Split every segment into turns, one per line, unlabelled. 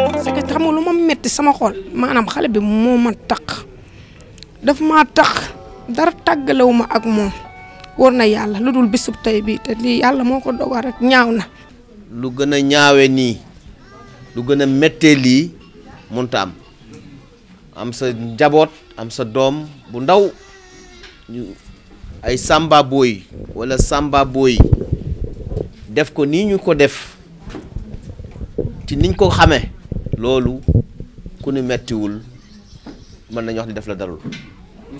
parce xam nga metti sama xol manam xale bi moo ma daf ma tak dara tagalawuma ma ak mom worna yalla ludul bisub tay bi te li yalla moko dogal rek ñaaw na
lu gëna a ni lu gëna metté li am am sa jabot am sa dom bu ndaw ay samba boy walla sàmba booy def ko nii ñu ko def ci niñ ko xamee loolu ku ni mettiwul mën nañu wax ni def la darul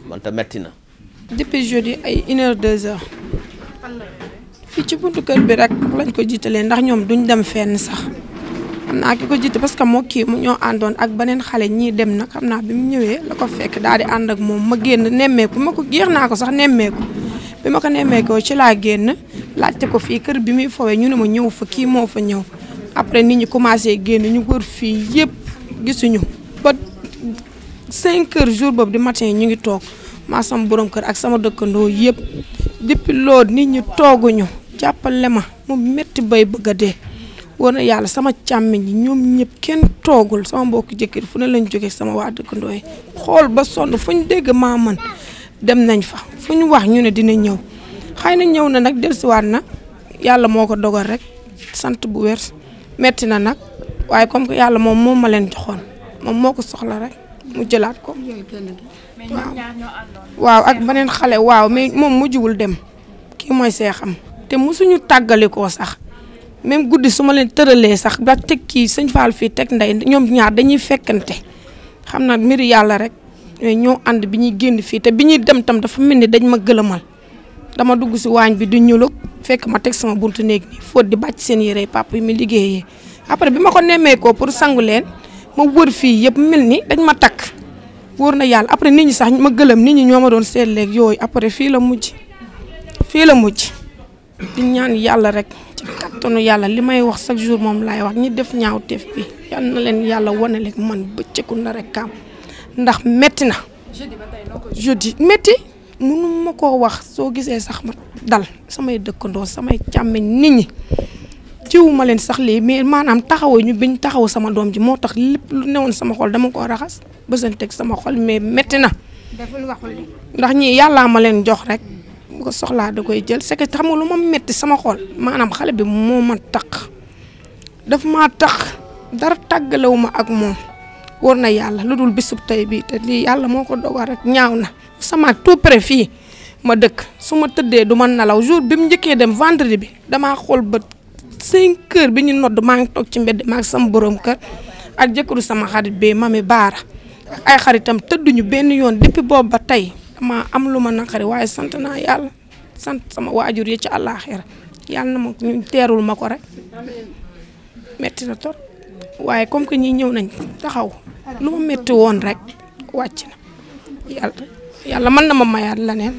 man metti na.
depuis jeudi ay une heure heures fii ci buntu kër bi rek lañ ko jiitalee ndax ñoom duñ dem fenn sax. xam naa ki ko jiit parce que moo kii mu ñoo àndoon ak beneen xale ñii dem nag xam naa bi mu ñëwee la ko fekk daal di ànd ak moom ma génn nemmeeku ma ko géex naa ko sax nemmeeku bi ma ko nemmeekoo ci laa génn laajte ko fii kër bi muy fowee ñu ne ma ñëw fa kii moo fa ñëw après nit ñi commencé génn ñu wër fii yëpp gisuñu ba 5 heures jour boobu di matin ñu ngi toog maa sama borom kër ak sama dëkkandoo yëpp depuis loolu nit ñi tooguñu jàppale ma mu métti bay bëgg a dee war yàlla sama càmmiñ yi ñoom ñëpp kenn toogul sama mbokk jëkkër fu ne lañ jógee sama waa dëkkandoo yi xool ba sonn fu ñu dégg maa man dem nañ fa fu ñu wax ñu ne dina ñëw xëy na ñëw na nag dellusiwaat nag yàlla moo ko dogal rek sant bu wér metti na nag waaye comme que yàlla moom moom ma leen joxoon moom moo ko soxla rek mu jëlaat ko ak beneen xale waaw mais moom mujjuwul dem kii mooy seexam te mosuñu tàggalikoo sax même guddi su ma leen tëralee sax ba teg kii sëñ Fall fii teg ndey ñoom ñaar dañuy fekkante xam naa mbiru yàlla rek ñoo ànd bi ñuy génn fii te bi ñuy dem tam dafa mel ni dañ ma gëlëmal dama dugg si waañ bi du ñulug fekk ma teg sama bunt néeg nii fóot di bàcc seen yére papa yi mu liggéeyee après bi ma ko ko pour sangu leen ma wër fii yëpp mel ni dañ ma takk wóor na yàlla après nit ñi sax ma gëlëm nit ñi ñoo ma doon seet léegi yooyu après fii la mujj fii la mujj. di ñaan yàlla rek ci kattanu yàlla li may wax chaque jour moom laay wax ñi def ñaawteef bi yal na leen yàlla wane leen man bëccëgu na rek kaam ndax metti na. jeudi metti mënu ma koo wax soo gisee sax ma dal samay dëkkandoo samay càmmeñ nit ñi jiwu leen sax lii mais maanaam taxawoo ñu biñ taxaw sama doom ji moo tax lépp lu newoon sama xol dama ko raxas bësanteeg sama xol mais metti na. deful ndax ñii yàllaa ma leen jox rek. ko soxlaa da koy jël c'est que xam nga lu ma metti sama xol maanaam xale bi moo ma taq daf maa taq dara tàggalewu ma ak moom war na yàlla lu dul bisub tey bi te lii yàlla moo ko dogal rek ñaaw na sama tout près fii ma dëkk su ma tëddee du ma nelaw jour bi mu njëkkee dem vendredi bi damaa xool ba cinq heures bi ñu nodd maa ngi toog ci mbedd maa sama borom kër ak jëkkëru sama xarit bee mami baara ay xaritam tëdduñu benn yoon depuis boobu ba tey dama am lu ma naqari waaye sant naa yàlla sant sama waajur yi ci àllaaxira yàlla na ma ñu teerul ma ko rek metti na tor waaye comme que ñii ñëw nañ taxaw lu ma metti woon rek wàcc na yàlla yàlla mën na ma la neen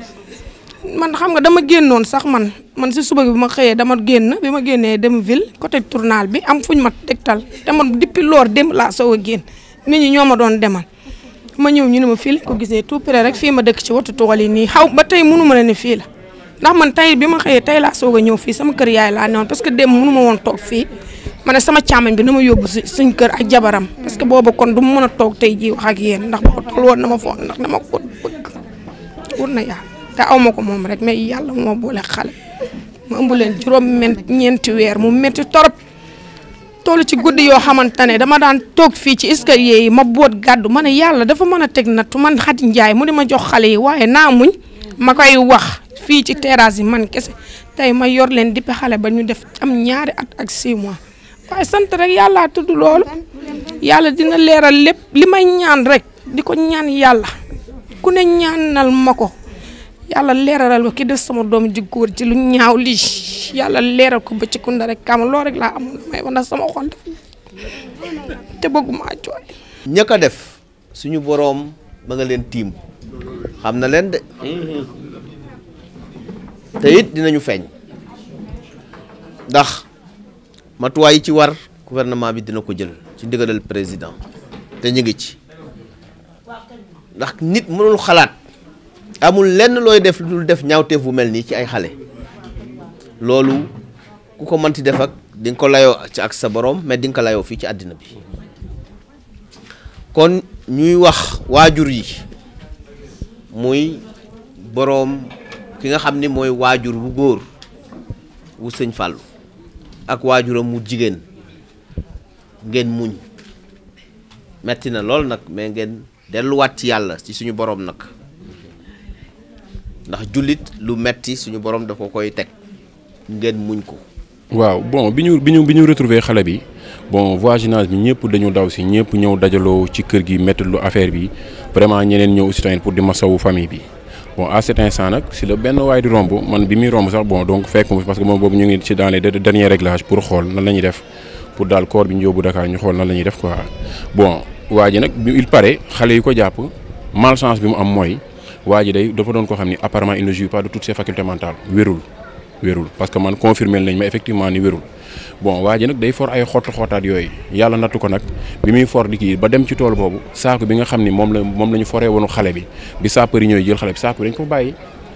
man xam nga dama génnoon sax man man si suba bi ma xëyee dama génn bi ma génnee dem ville côté tournal bi am fuñ ma tegtal te man depuis loor dem laa soog a génn nit ñi ñoo ma doon demal ma ñëw ñu ne ma fii lañ gisee tu près rek fii ma dëkk ci watu tool yi nii xaw ba tey mënu ma la ne fii la ndax man tey bi ma xëyee tey laa soog a ñëw fii sama kër yaay laa newoon parce que dem mënu ma woon toog fii ma ne sama càmmañ bi na ma yóbbu suñ kër ak jabaram parce que boobu kon du ma mën a toog tey jii wax ak yéen ndax boo toll woon na ma foon ndax dama ko bëgg wur na yàlla te aw ma ko moom rek mais yàlla moom boole xale ma ëmb leen juróom ñeenti weer mu métti torop toll ci guddi yoo xamante ne dama daan toog fii ci escalier yi ma boot gàddu ma ne yàlla dafa mën a teg nattu man Khady Ndiaye mu di ma jox xale yi waaye naa muñ ma koy wax fii ci terrasse yi man kese tey ma yor leen dippe xale ba ñu def am ñaari at ak 6 mois waaye sant rek yàllaa tudd loolu yàlla dina leeral lépp li may ñaan rek di ko ñaan yàlla ku ne nal ma ko yàlla leeralal ko ki def sama doom ji góor ci lu ñaaw lii yàlla leeral ko ba ci kunda rek kaam loo rek laa amul may ba ndax sama xol te bëgguma jooy
ña ko def suñu boroom ba nga leen tiim xam na leen de te it dinañu feeñ ndax matuwaay yi ci war gouvernement bi dina ko jël ci ndigalal président te ñu ngi ci ndax nit mënul xalaat amul lenn looy def lu def ñaawteef bu mel nii ci ay xale loolu ku ko mënti def ak dinga ko layoo ci ak sa boroom mais di nga ko layoo fii ci àddina bi kon ñuy wax waajur yi muy boroom ki nga xam ni mooy waajur wu góor wu sëñ Fallou ak waajuram mu jigéen ngeen muñ metti na lool nag mais ngeen delluwaat ci yàlla ci suñu boroom nag ndax julit lu metti suñu borom koy tek ngeen muñ ko.
waaw bon biñu biñu biñu retrouver xalé bi bon voisinage bi ñepp dañu daw ci ñepp ñew dajalo ci kër gi metti lu affaire bi vraiment ñeneen ñew aussi pour di famille bi bon à cet instant nak si la benn way di man bi mi romb sax bon donc fekk parce que ñu dans les derniers réglages pour xol nan lañuy def pour dal corps bi ñu nan bon il paraît xalé yu ko japp malchance bi waa day dafa doon koo xam ni apparemment il ne joue pas de toutes ses facultés mentales wérul wérul parce que man confirmé nañ ma effectivement ni wérul bon waa ji nag day for ay xottu xottaat yooyu yàlla nattu ko nag bi muy for di kii ba dem ci tool boobu saako bi nga xam ni moom la moom la ñu foree woonu xale bi bi sapeur yi ñooy jël xale bi saako dañ ko bàyyi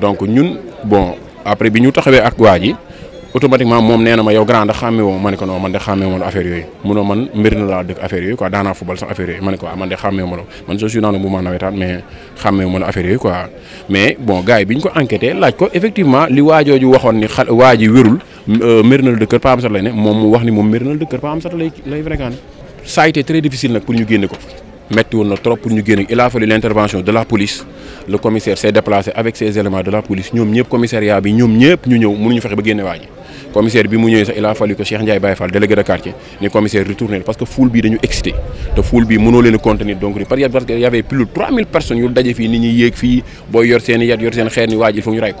donc ñun bon après biñu taxawé ak waaji automatiquement ma yow grand non man de xamé mo affaire yoy mëno man mbir la dëkk affaire yoy quoi football sax affaire ah, de je suis dans le mais xamé affaire mais bon gars yi enquêté ko effectivement li waajooju ni euh, de kër ne mu wax ni mom ça a été très difficile pour nous metti woon trop pour ñu génn il a fallu l' de la police le commissaire s'est déplacé avec ses éléments de la police ñoom ñëpp commissariat bi ñoom ñëpp ñu ñëw mënuñu fexe ba génne waa ji commissaire bi mu ñëwee sax il a fallu que Cheikh Ndiaye Baye Fall délégué de quartier ni commissaire retourner parce que foule bi dañu excité te foule bi mëno leen contenir donc parce que y avait plus de 3000 personnes yu dajé fi nit ñi yéeg fi boy yor seen i yat yor seen xeer ni waa fu ñu ray ko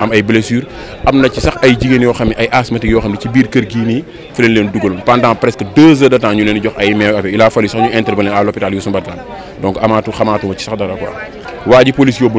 am ay blessures amna ci sax ay jigéen yo xamni ay asthmatique yo xamni ci biir kër gi ni fi lañ leen dugal pendant presque 2 heures de temps ñu leen jox ay meew il a fallu sax ñu intervenir à l'hôpital Youssou Mbartane donc amatu xamatu ci sax dara quoi waji police yóbbu